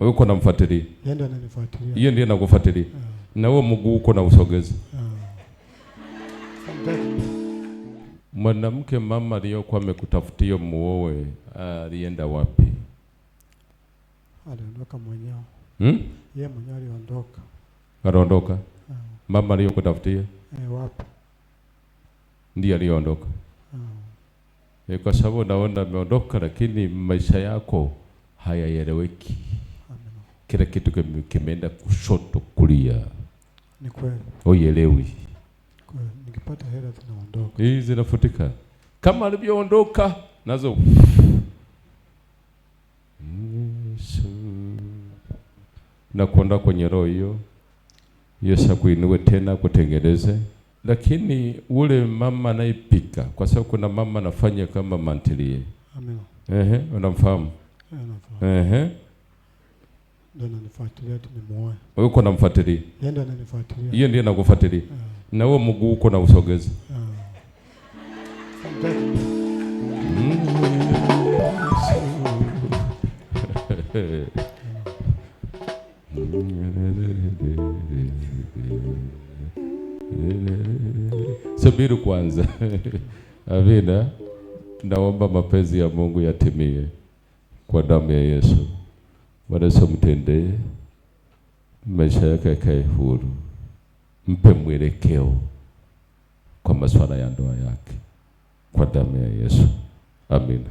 wewe uko namfuatilia, yeye ndiye ananifuatilia, yeye ndiye anakufuatilia ah. na wewe mguu uko na usogezi. Ah. Mwanamke mama aliyokuwa amekutafutia muoe alienda wapi? Aliondoka mwenyewe. Hmm? Yeye mwenyewe aliondoka. Aliondoka. Ah. Mama aliyokutafutia? Eh, wapi? Ndiye aliondoka. E, eh, kwa sababu naona ameondoka, lakini maisha yako hayaeleweki kila kitu kimeenda kushoto kulia. Ni kweli. Uielewi. Nikipata hela zinaondoka. Hii zinafutika. Kama alivyoondoka nazo. Na kuondoa kwenye roho hiyo. Yesu akuinue tena kutengeneze. Lakini ule mama anayepika kwa sababu kuna mama anafanya kama mantilie. Amen. Ehe, unamfahamu? Ehe. Wewe uko namfuatilia? Yeye ndiye Na wewe mguu uko na usogezi. Ah. Subiri kwanza. Avina, naomba mapenzi ya Mungu yatimie kwa damu ya Yesu. Yesu mtendee, maisha yake yakae huru, mpe mwelekeo kwa masuala ya ndoa yake kwa damu ya Yesu. Amina.